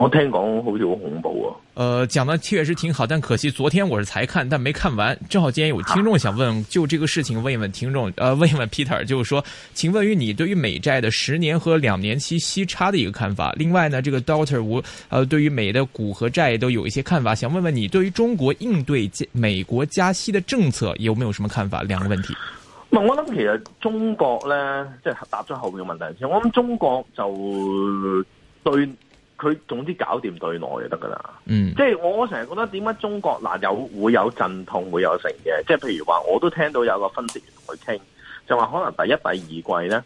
我聽講好似好恐怖啊，呃！呃講得確實挺好，但可惜昨天我是才看，但沒看完。正好今天有聽眾想問，就這個事情問一問聽眾，呃問一問 Peter，就是說，請問于你對於美債的十年和兩年期息差的一個看法？另外呢，這個 Doctor 吳，誒，對於美的股和債都有一些看法，想問問你對於中國應對美國加息的政策有沒有什麼看法？兩個問題。我諗其實中國呢，即係答咗後面嘅問題先。其實我諗中國就對。佢總之搞掂對內就得㗎喇，嗯，即係我成日覺得點解中國嗱有會有陣痛，會有成嘅，即係譬如話我都聽到有個分析員同佢傾，就話可能第一、第二季呢，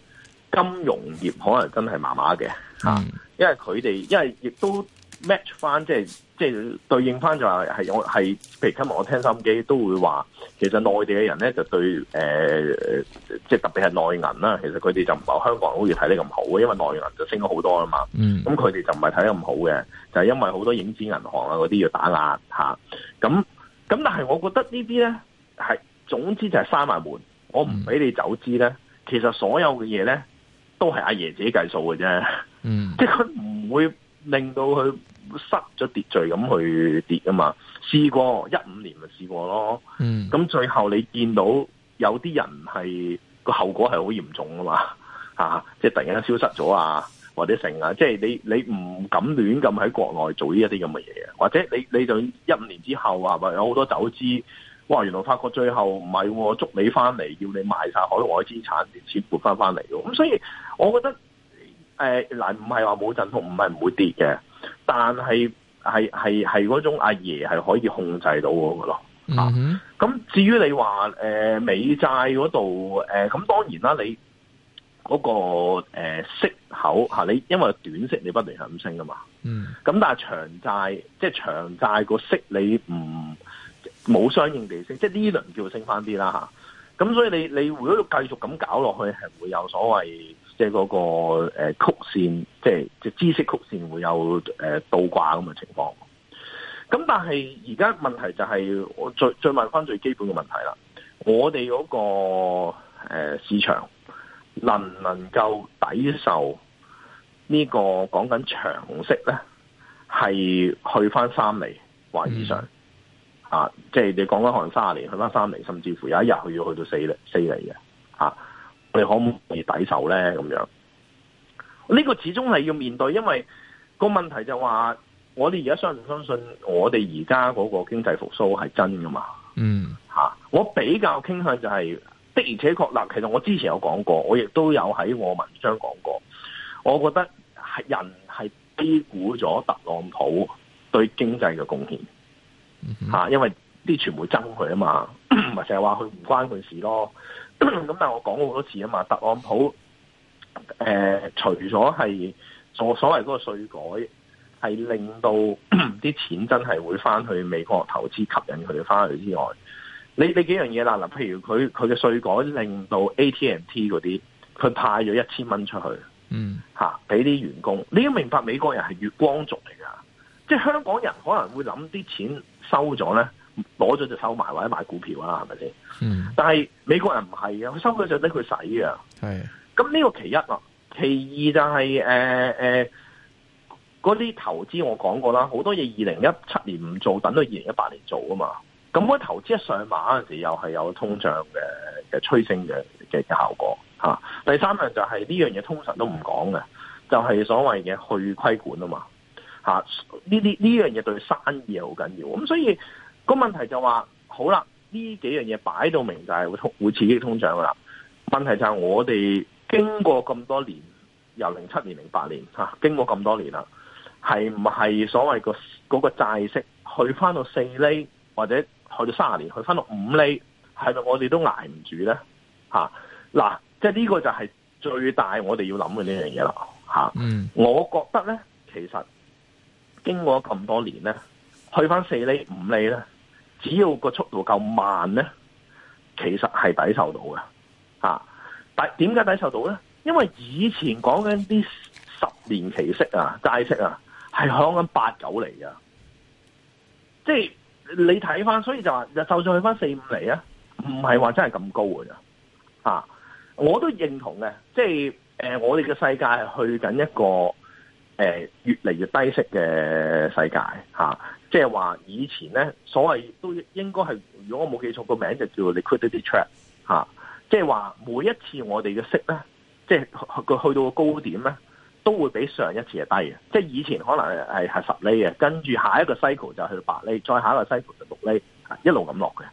金融業可能真係麻麻嘅吓，因為佢哋因為亦都 match 返即係。即、就、係、是、對應翻就話係我係，譬如今日我聽收音機都會話，其實內地嘅人咧就對誒、呃，即係特別係內銀啦。其實佢哋就唔係香港人好似睇得咁好，因為內銀就升咗好多啊嘛。咁佢哋就唔係睇得咁好嘅，就係、是、因為好多影子銀行啊嗰啲要打壓吓。咁咁但係我覺得呢啲咧係，總之就係閂埋門，我唔俾你走資咧。Mm. 其實所有嘅嘢咧都係阿爺自己計數嘅啫。Mm. 即係佢唔會令到佢。失咗秩序咁去跌啊嘛，試過一五年咪試過咯。咁、嗯、最後你見到有啲人係個後果係好嚴重啊嘛，啊即係突然間消失咗啊，或者成啊，即係你你唔敢亂咁喺國內做呢一啲咁嘅嘢或者你你就一五年之後啊咪有好多走資，哇，原來發覺最後唔係捉你翻嚟，要你賣晒海外資產，連錢撥翻翻嚟。咁所以我覺得誒嗱，唔係話冇陣痛，唔係唔會跌嘅。但係係係係嗰種阿爺係可以控制到我嘅咯，mm -hmm. 啊！咁至於你話誒、呃、美債嗰度誒，咁、呃、當然啦，你嗰、嗰個誒、呃、息口吓、啊，你因為短息你不斷係咁升噶嘛，嗯、mm -hmm.，咁但係長債即係長債個息你唔冇相應地升，即係呢輪叫升翻啲啦吓，咁、啊、所以你你如果繼續咁搞落去，係會有所謂。即係嗰個誒曲線，即係即係孳息曲線會有誒倒掛咁嘅情況。咁但係而家問題就係、是，我再再問翻最基本嘅問題啦。我哋嗰個誒市場能唔能夠抵受、這個、講講呢個講緊長息咧？係去翻三厘或以上、嗯、啊？即、就、係、是、你講緊可能卅年去翻三厘，甚至乎有一日佢要去到四厘、四厘嘅。你可唔可以抵受咧？咁樣呢，這個始終係要面對，因為個問題就話我哋而家相唔相信我哋而家嗰個經濟復蘇係真㗎嘛？嗯，吓，我比較傾向就係、是、的而且確嗱，其實我之前有講過，我亦都有喺我文章講過，我覺得係人係低估咗特朗普對經濟嘅貢獻，吓，mm -hmm.，因爲啲傳媒憎佢啊嘛。咪成日話佢唔關佢事咯，咁 但係我講過好多次啊嘛，特朗普誒、呃、除咗係所所謂嗰個稅改係令到啲錢真係會翻去美國投資吸引佢哋翻去之外，你你幾樣嘢啦，嗱譬如佢佢嘅稅改令到 AT&T 嗰啲佢派咗一千蚊出去，嗯吓俾啲員工，你都明白美國人係月光族嚟噶，即係香港人可能會諗啲錢收咗咧。攞咗就收埋或者買股票啦，係咪先？嗯，但係美國人唔係啊，佢收咗就拎佢使啊。係。咁呢個其一啊，其二就係誒誒，嗰、呃、啲、呃、投資我講過啦，好多嘢二零一七年唔做，等到二零一八年做啊嘛。咁、那、嗰、個、投資一上馬嗰陣時候，又係有通脹嘅嘅催升嘅嘅嘅效果吓、啊。第三樣就係、是、呢樣嘢通常都唔講嘅，就係、是、所謂嘅去規管啊嘛吓。呢啲呢樣嘢對生意係好緊要，咁所以。個問題就話好啦，呢幾樣嘢擺到明就係會通會刺激通脹噶啦。問題就係我哋經過咁多年，由零七年、零八年吓、啊，經過咁多年啦，係唔係所謂個嗰個債息去翻到四厘，或者去到卅年，去翻到五厘，係咪我哋都挨唔住咧？吓、啊、嗱，即係呢個就係最大我哋要諗嘅呢樣嘢啦。吓、啊嗯，我覺得咧，其實經過咁多年咧，去翻四厘、五厘咧。只要個速度夠慢咧，其實係抵受到嘅，啊！但點解抵受到咧？因為以前講緊啲十年期息啊、債息啊，係響緊八九釐㗎。即係你睇翻，所以就話，就算去翻四五釐啊，唔係話真係咁高嘅咋啊，我都認同嘅，即係誒、呃，我哋嘅世界係去緊一個。誒，越嚟越低息嘅世界吓，即係話以前咧，所謂都應該係，如果我冇記錯個名就叫 Liquidity Trap 吓、啊，即係話每一次我哋嘅息咧，即係佢去到個高點咧，都會比上一次係低嘅，即係以前可能係係十厘嘅，跟住下一個 cycle 就去到八厘，再下一個 cycle 就六厘，一路咁落嘅。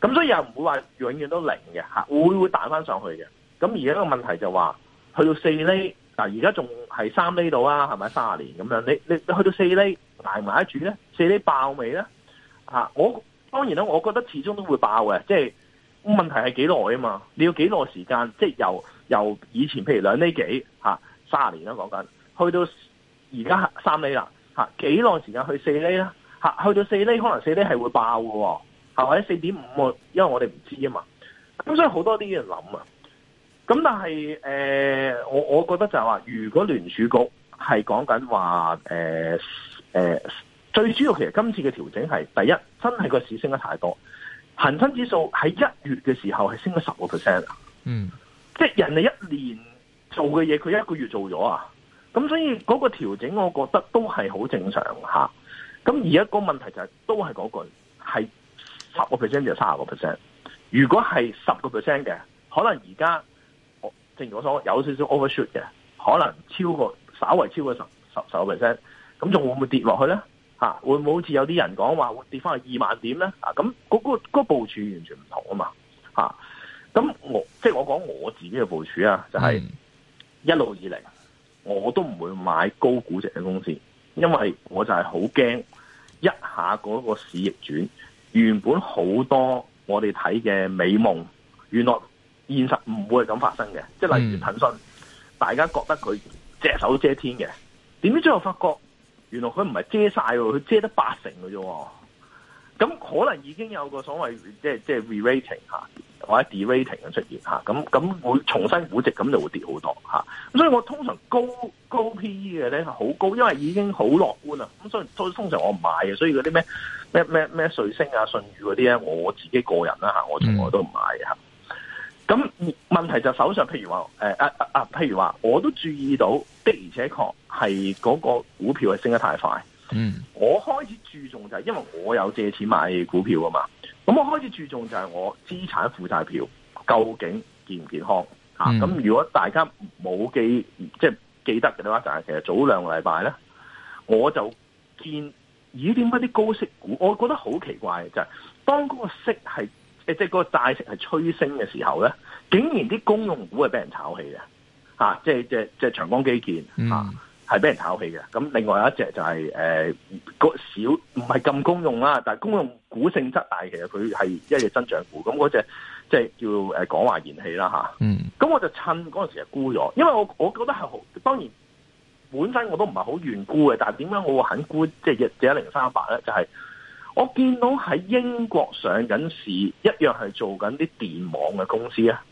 咁所以又唔會話永遠都零嘅吓，會會彈翻上去嘅。咁而家個問題就話去到四厘，嗱而家仲係三厘度啊，係咪三十年咁樣？你你,你去到四厘挨埋一住咧，四厘爆未咧？吓、啊，我當然啦，我覺得始終都會爆嘅。即係問題係幾耐啊嘛？你要幾耐時間？即係由由以前，譬如兩厘幾吓，三十年啦，講緊去到而家三厘啦，吓幾耐時間去四厘啦吓，去到四厘可能四厘係會爆嘅，係咪？四點五啊？因為我哋唔知啊嘛。咁所以好多啲嘢諗啊。咁但係誒、呃，我我覺得就係話，如果聯儲局係講緊話誒誒，最主要其實今次嘅調整係第一，真係個市升得太多，恒生指數喺一月嘅時候係升咗十個 percent，嗯，即係人哋一年做嘅嘢，佢一個月做咗啊，咁所以嗰個調整，我覺得都係好正常吓。咁而家個問題就係、是，都係嗰、那個係十個 percent 就三十個 percent？如果係十個 percent 嘅，可能而家。正如我所，有少少 overshoot 嘅，可能超過，稍微超過十十十個 percent，咁仲會唔會跌落去咧、啊？會唔會好似有啲人講話會跌翻去二萬點咧？咁嗰個部署完全唔同啊嘛，咁、啊、我即係我講我自己嘅部署啊，就係、是、一路以嚟我都唔會買高估值嘅公司，因為我就係好驚一下嗰個市逆轉，原本好多我哋睇嘅美夢，原來。現實唔會係咁發生嘅，即係例如騰訊、嗯，大家覺得佢隻手遮天嘅，點知最後發覺，原來佢唔係遮晒，佢遮得八成嘅啫。咁可能已經有個所謂即係即係 re-rating 吓，re 或者 de-rating 咁出現吓，咁咁會重新估值咁就會跌好多吓。咁所以我通常高高 PE 嘅咧好高，因為已經好樂觀啦。咁所以通通常我唔買嘅，所以嗰啲咩咩咩咩瑞星啊、信譽嗰啲咧，我自己個人啦、啊、吓，我從來都唔買嘅。咁問題就手上，譬如話誒、呃、啊啊譬如話我都注意到的而且確係嗰個股票係升得太快。嗯，我開始注重就係、是、因為我有借錢買股票啊嘛。咁我開始注重就係我資產負債表究竟健唔健康咁，、嗯啊、如果大家冇記即係記得嘅話，但係其實早兩個禮拜咧，我就見咦？點解啲高息股？我覺得好奇怪嘅，就係、是、當嗰個息係。即係個債息係催升嘅時候咧，竟然啲公用股係俾人炒起嘅，嚇、啊！即係即係即係長江基建嚇，係、啊、俾、mm. 人炒起嘅。咁另外一隻就係誒個少唔係咁公用啦，但係公用股性質大，其實佢係一日增長股。咁嗰隻即係叫誒港華燃氣啦吓，咁、啊 mm. 我就趁嗰陣時係沽咗，因為我我覺得係好當然本身我都唔係好願沽嘅，但係點解我會肯沽即係一零三八咧？就係、是。我見到喺英國上緊市，一樣係做緊啲電網嘅公司啊，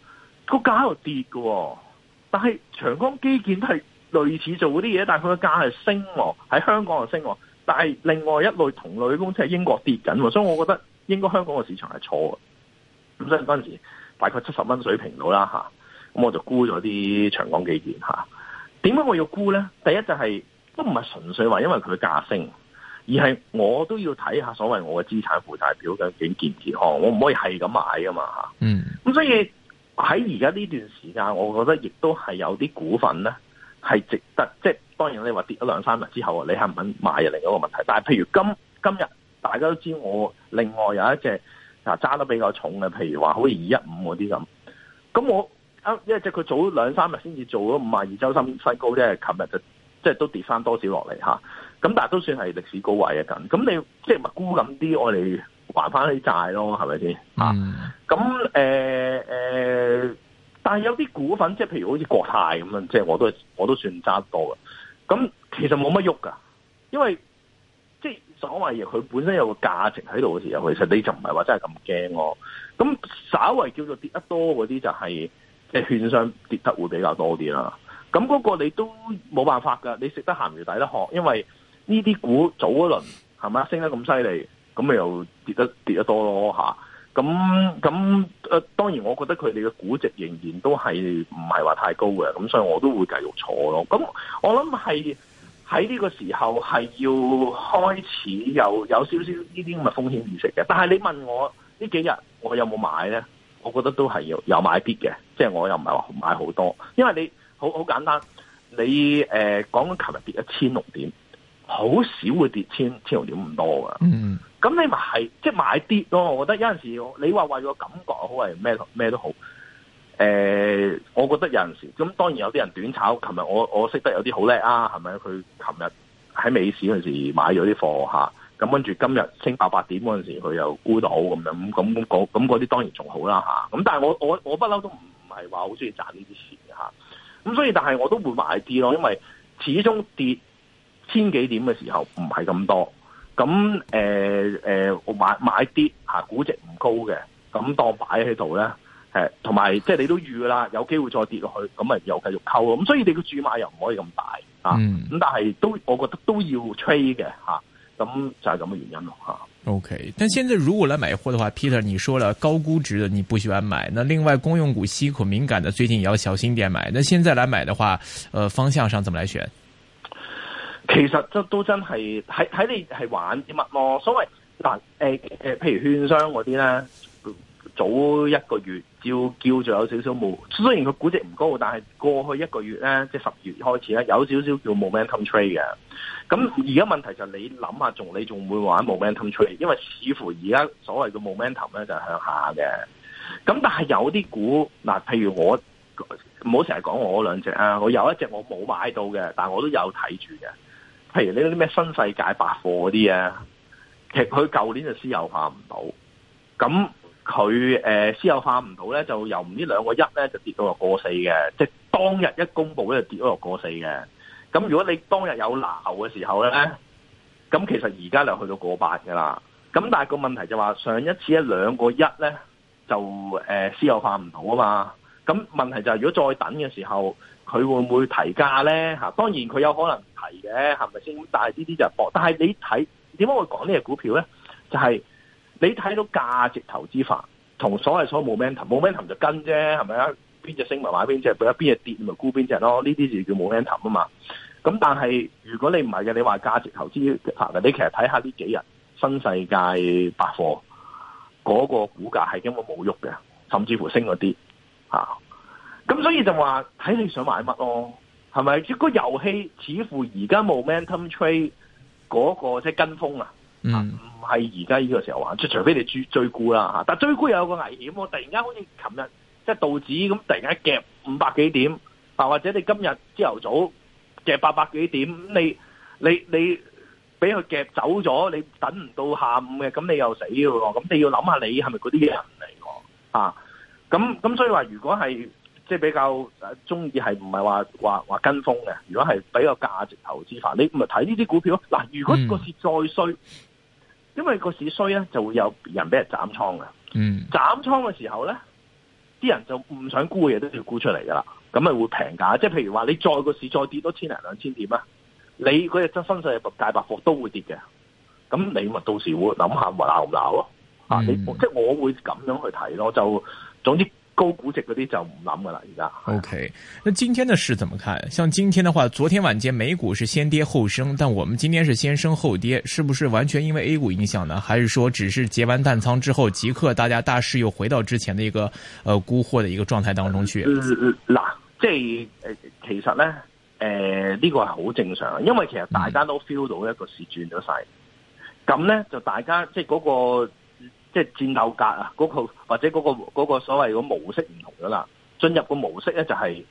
個價喺度跌喎。但係長江基建都係類似做嗰啲嘢，但係佢個價係升喎，喺香港就升喎。但係另外一類同類嘅公司喺英國跌緊，所以我覺得應該香港嘅市場係錯嘅。咁所以嗰陣時大概七十蚊水平度啦吓，咁我就沽咗啲長江基建吓。點解我要沽咧？第一就係、是、都唔係純粹話因為佢價升。而係我都要睇下所謂我嘅資產負債表究竟健唔健康，我唔可以係咁買噶嘛嚇。嗯，咁所以喺而家呢段時間，我覺得亦都係有啲股份咧係值得，即係當然你話跌咗兩三日之後，你肯唔肯買入嚟嗰個問題。但係譬如今今日大家都知，我另外有一隻啊揸得比較重嘅，譬如話好似二一五嗰啲咁。咁我啊，因為即係佢早兩三日先至做咗五萬二周新高咧，琴日就即係都跌翻多少落嚟嚇咁但係都算係歷史高位啊，緊，咁你即係咪沽緊啲我哋還翻啲債咯，係咪先啊？咁、mm. 誒、呃呃、但係有啲股份，即係譬如好似國泰咁樣，即係我都我都算揸得多嘅。咁其實冇乜喐噶，因為即係、就是、所謂佢本身有個價值喺度嘅時候，其實你就唔係話真係咁驚咯。咁稍微叫做跌得多嗰啲，就係即係券商跌得會比較多啲啦。咁嗰個你都冇辦法噶，你食得鹹魚抵得渴，因為呢啲股早一輪係咪啊？升得咁犀利，咁咪又跌得跌得多咯吓。咁咁誒，當然我覺得佢哋嘅估值仍然都係唔係話太高嘅。咁所以我都會繼續坐咯。咁我諗係喺呢個時候係要開始有有少少呢啲咁嘅風險意識嘅。但係你問我呢幾日我有冇買咧？我覺得都係要有，有買啲嘅，即係我又唔係話買好多。因為你好好簡單，你誒講緊琴日跌一千六點。好少會跌千千毫點咁多噶，嗯，咁你咪係，即係買跌咯。我覺得有陣時候你話為咗感覺好係咩咩都好，誒、呃，我覺得有陣時候，咁當然有啲人短炒。琴日我我識得有啲好叻啊，係咪？佢琴日喺美市嗰陣時買咗啲貨吓，咁、啊、跟住今日升八百點嗰陣時，佢又沽到咁樣咁咁嗰咁嗰啲，當然仲好啦、啊、吓。咁、啊、但係我我我不嬲都唔係話好中意賺呢啲錢嘅吓，咁、啊、所以但係我都會買啲咯，因為始終跌千幾點嘅時候唔係咁多，咁誒誒買買啲嚇、啊、估值唔高嘅，咁當擺喺度咧，誒同埋即係你都預啦，有機會再跌落去，咁咪又繼續溝，咁所以你嘅注碼又唔可以咁大啊，咁但係都我覺得都要 trade 嘅嚇，咁、啊、就係咁嘅原因咯、啊、OK，但現在如果嚟買貨的話，Peter 你說了高估值的你不喜歡買，那另外公用股、息口敏感的最近也要小心點買，那現在嚟買的話，呃方向上怎麼來選？其實都真係睇你係玩啲乜咯？所謂嗱，誒誒、欸呃，譬如券商嗰啲咧，早一個月叫叫做有少少冇，雖然佢估值唔高，但係過去一個月咧，即係十月開始咧，有少少叫 momentum trade 嘅。咁而家問題就你諗下，仲你仲會玩 momentum trade？因為似乎而家所謂嘅 momentum 咧就向下嘅。咁但係有啲股嗱，譬如我唔好成日講我嗰兩隻啊，我有一隻我冇買到嘅，但我都有睇住嘅。譬如呢啲咩新世界百貨嗰啲啊，其實佢舊年就私有化唔到，咁佢誒私有化唔到咧，就由唔呢兩個一咧就跌到落過四嘅，即係當日一公布咧就跌咗落過四嘅。咁如果你當日有鬧嘅時候咧，咁其實而家就去到個八嘅啦。咁但係個問題就話上一次一兩個一咧就誒私有化唔到啊嘛。咁問題就係如果再等嘅時候。佢會唔會提價咧？吓，當然佢有可能提嘅，係咪先？但係呢啲就搏。但係你睇，點解會講呢隻股票咧？就係你睇到價值投資法，同所謂所謂 momentum，momentum 就跟啫，係咪啊？邊隻升咪買邊隻，邊隻跌咪沽邊隻咯。呢啲就叫 momentum 啊嘛。咁但係如果你唔係嘅，你話價值投資啊，你其實睇下呢幾日新世界百貨嗰個股價係根本冇喐嘅，甚至乎升啲咁所以就話睇你想買乜咯，啊，係咪？如果遊戲似乎而家冇 Momentum Trade 嗰，那個即係跟風啊，唔係而家呢個時候玩，即除非你追追沽啦吓。但係追沽有個危險，喎，突然間好似琴日即係道指咁突然間夾五百幾點，啊或者你今日朝頭早夾八百幾點，你你你俾佢夾走咗，你等唔到下午嘅，咁你又死嘅喎，啊。咁你要諗下你係咪嗰啲人嚟，啊，喎？吓，啊，咁咁所以話如果係。即係比較中意係唔係話話話跟風嘅，如果係比較價值投資法，你唔係睇呢啲股票咯。嗱，如果個市再衰，嗯、因為個市衰咧就會有人俾人斬倉嘅。嗯，斬倉嘅時候咧，啲人就唔想沽嘅嘢都要沽出嚟噶啦。咁咪會平價。即係譬如話你再個市再跌多千零兩千點想想罵罵、嗯、啊，你嗰隻新世大百貨都會跌嘅。咁你咪到時會諗下話鬧唔鬧咯？啊，你即係我會咁樣去睇咯。就總之。高估值嗰啲就唔諗噶啦，而家。O、okay, K，那今天的事怎麼看？像今天的話，昨天晚間美股是先跌後升，但我們今天是先升後跌，是不是完全因為 A 股影響呢？還是說只是結完淡倉之後，即刻大家大市又回到之前的一個，呃，沽貨的一個狀態當中去？嗱、呃呃，即係、呃、其實呢，誒、呃，呢、這個係好正常，因為其實大家都 feel 到一個市轉咗晒，咁、嗯、呢，就大家即係嗰、那個。即係戰鬥格啊，嗰、那個或者嗰、那個、那個所謂個模式唔同咗啦。進入個模式咧就係、是、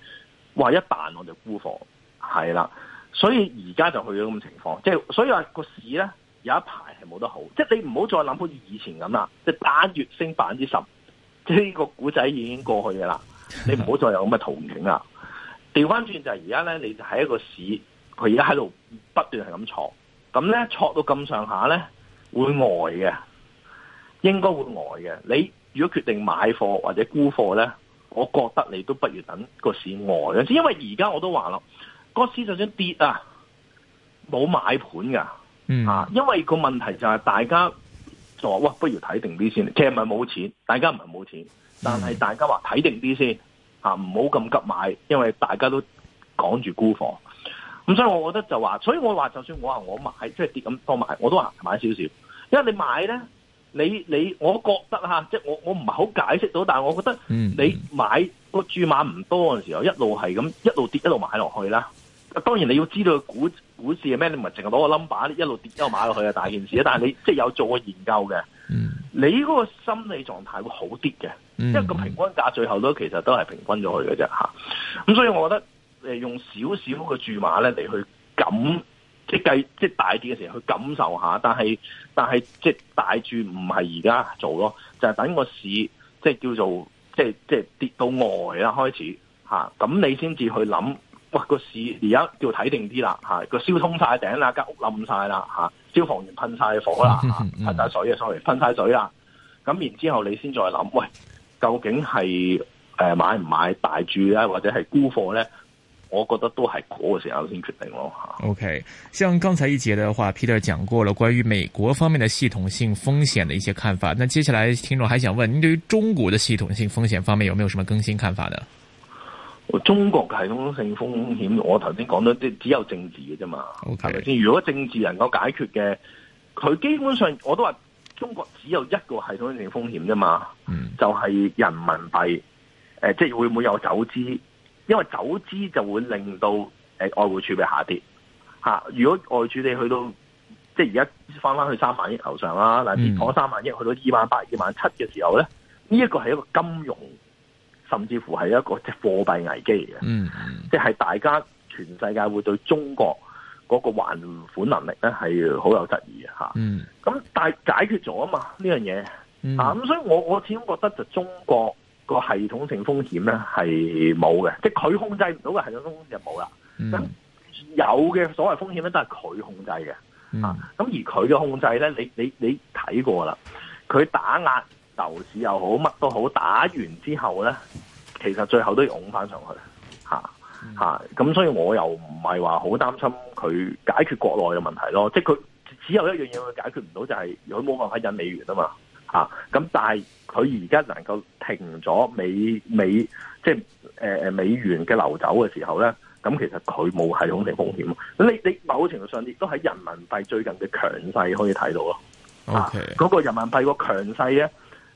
話一彈我就沽貨，係啦。所以而家就去咗咁嘅情況，即係所以話、那個市咧有一排係冇得好。即係你唔好再諗好似以前咁啦，即係單月升百分之十，即係呢個古仔已經過去噶啦。你唔好再有咁嘅圖形啦。調翻轉就係而家咧，你就喺一個市，佢而家喺度不斷係咁挫，咁咧挫到咁上下咧會呆嘅。應該會呆嘅。你如果決定買貨或者沽貨咧，我覺得你都不如等個市呆。因為而家我都話咯，個市就算跌啊，冇買盤噶、嗯。啊，因為個問題就係大家就話哇，不如睇定啲先。其實唔係冇錢，大家唔係冇錢，但係大家話睇定啲先嚇，唔好咁急買，因為大家都趕住沽貨。咁、嗯、所以，我覺得就話，所以我話就算我話我買，即係跌咁多買，我都話買少少，因為你買咧。你你，我覺得嚇，即係我我唔係好解釋到，但係我覺得你買個注碼唔多嘅時候，一路係咁一路跌一路買落去啦。當然你要知道股股市係咩，你唔係淨係攞個 number 一路跌一路買落去啊大件事啊！但係你即係有做過研究嘅， 你嗰個心理狀態會好啲嘅， 因為個平均價最後都其實都係平均咗去嘅啫嚇。咁所以我覺得誒、呃、用少少嘅注碼咧嚟去感，即係計即係大跌嘅時候去感受下，但係。但係即大注唔係而家做咯，就係、是、等個市即叫做即即跌到外啦開始吓，咁、啊、你先至去諗，喂，個市而家叫睇定啲啦吓，個、啊、燒通晒頂啦，間屋冧晒啦吓，消防員噴晒火啦，噴噴晒、啊、水啊 sorry 噴晒水啦，咁然之後你先再諗，喂，究竟係誒、呃、買唔買大注咧、啊，或者係沽貨咧？我覺得都係嗰個時候先決定咯吓。OK，像剛才一節的話，Peter 講過了關於美國方面的系統性風險的一些看法。那接下來聽眾還想問，你對於中國的系統性風險方面有沒有什麼更新看法呢？中國系統性風險，我頭先講到即只有政治嘅啫嘛。OK，如果政治能夠解決嘅，佢基本上我都話中國只有一個系統性風險啫嘛。嗯，就係、是、人民幣，誒、呃，即會唔會有走資因為走資就會令到，誒外匯儲備下跌吓，如果外儲你去到即係而家翻翻去三萬億頭上啦，嗱跌咗三萬億去到二萬八、二萬七嘅時候咧，呢、這、一個係一個金融甚至乎係一個即係貨幣危機嚟嘅，即、嗯、係、就是、大家全世界會對中國嗰個還款能力咧係好有質疑嘅吓。咁、嗯、但係解決咗啊嘛呢樣嘢，啊咁、嗯、所以我我始終覺得就中國。個系統性風險咧係冇嘅，即係佢控制唔到嘅系統風險就冇啦、嗯。有嘅所謂風險咧都係佢控制嘅，咁、嗯啊，而佢嘅控制咧，你你你睇過啦，佢打壓樓市又好，乜都好，打完之後咧，其實最後都要拱翻上去，吓、啊、吓。咁、嗯啊、所以我又唔係話好擔心佢解決國內嘅問題咯，即係佢只有一樣嘢佢解決唔到，就係佢冇辦法引美元啊嘛。啊，咁但係佢而家能夠停咗美美即係誒誒美元嘅流走嘅時候咧，咁其實佢冇系統性風險。你你某程度上亦都喺人民幣最近嘅強勢可以睇到咯。嗰、okay. 啊嗰個人民幣個強勢咧，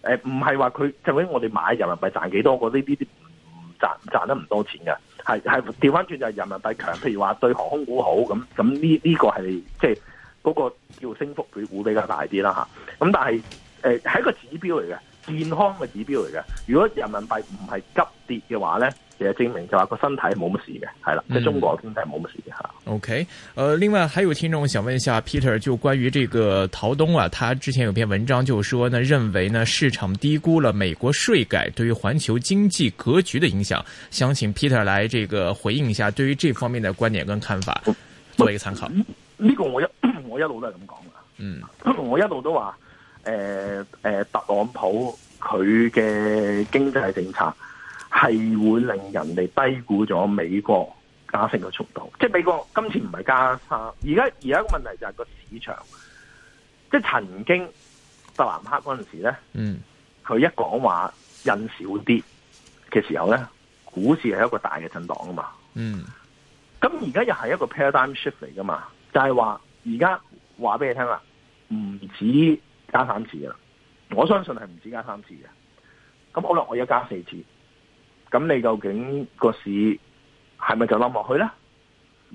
誒唔係話佢究竟我哋買人民幣賺幾多？嗰呢啲唔賺賺得唔多錢嘅，係係調翻轉就係人民幣強。譬如話對航空股好，咁咁呢呢個係即係嗰、嗰個叫升幅比會比較大啲啦吓。咁、啊、但係。誒、呃，係一個指標嚟嘅，健康嘅指標嚟嘅。如果人民幣唔係急跌嘅話咧，其實證明就話個身體冇乜事嘅，係啦，即、嗯、係中國嘅身體冇乜事嘅吓。OK，呃，另外還有聽眾想問一下 Peter，就關於這個陶冬啊，他之前有篇文章就說呢，認為呢，市場低估了美國稅改對於環球經濟格局的影響。想請 Peter 來這個回應一下，對於這方面的觀點跟看法，做一個參考。呢、這個我一我一路都係咁講噶，嗯，我一路都話。誒、呃、誒、呃，特朗普佢嘅經濟政策係會令人哋低估咗美國加息嘅速度，即係美國今次唔係加息，而家而家個問題就係個市場，即係曾經伯南克嗰陣時咧，嗯，佢一講話，佢一講話印少啲嘅時候咧，股市係一個大嘅震盪啊嘛，嗯，咁而家又係一個 paradigm shift 嚟噶嘛，就係話而家話俾你聽啦，唔止。加三次噶啦，我相信係唔止加三次嘅。咁好啦，我要加四次，咁你究竟個市係咪就冧落去咧？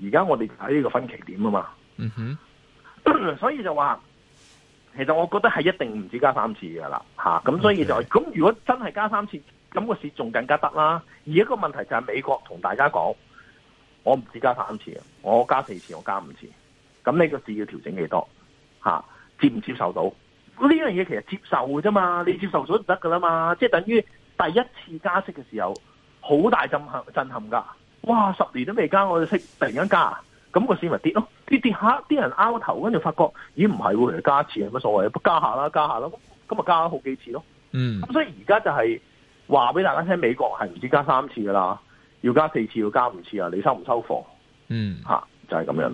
而家我哋睇呢個分歧點啊嘛。嗯哼， 所以就話，其實我覺得係一定唔止加三次噶啦，吓，咁所以就咁。如果真係加三次，咁，個市仲更加得啦。而一個問題就係美國同大家講，我唔止加三次，我加四次，我加五次，咁呢個市要調整幾多？吓，啊，接唔接受到？呢樣嘢其實接受嘅啫嘛，你接受咗唔得噶啦嘛，即係等於第一次加息嘅時候，好大震撼震撼噶，哇十年都未加，加，我就識突然間加，咁個市咪跌咯？跌跌下，啲人拗頭，跟住發覺咦唔係喎，嚟加一次有乜所謂？加下啦，加下啦，咁咪加咗好幾次咯。嗯，咁所以而家就係話俾大家聽，美國係唔止加三次噶啦，要加四次，要加五次啊，你收唔收貨？嗯，吓、啊、就係、是、咁樣。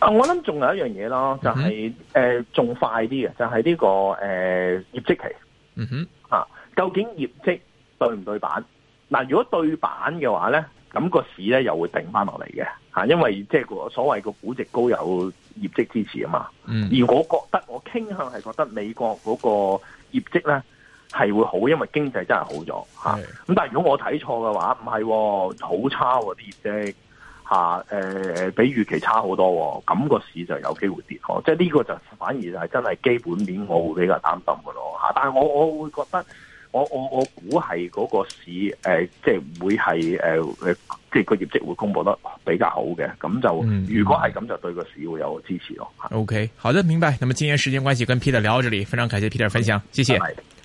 啊！我諗仲有一樣嘢咯，就係誒仲快啲嘅，就係、是、呢、這個誒、呃、業績期。嗯、mm、哼 -hmm. 啊，究竟業績對唔對版？嗱、啊，如果對版嘅話咧，咁、那個市咧又會定翻落嚟嘅吓，因為即係個所謂個估值高有業績支持啊嘛。嗯、mm -hmm.。而我覺得我傾向係覺得美國嗰個業績咧係會好，因為經濟真係好咗吓。咁、啊 mm -hmm. 但係如果我睇錯嘅話，唔係、啊，好差喎啲業績。吓、啊，誒、呃，比預期差好多，哦，咁，這個市就有機會跌咯。即係呢個就反而係真係基本面，我會比較擔心嘅咯。吓、啊，但係我我會覺得，我我我估係嗰個市，誒、呃，即係會係誒誒，即、呃、係、這個業績會公布得比較好嘅。咁，嗯、就，嗯，如果係咁就對個市會有支持咯，啊。OK，好的，明白。那麼今天時間關係，跟 Peter 聊到這裏，非常感謝 Peter 分享，謝謝。拜拜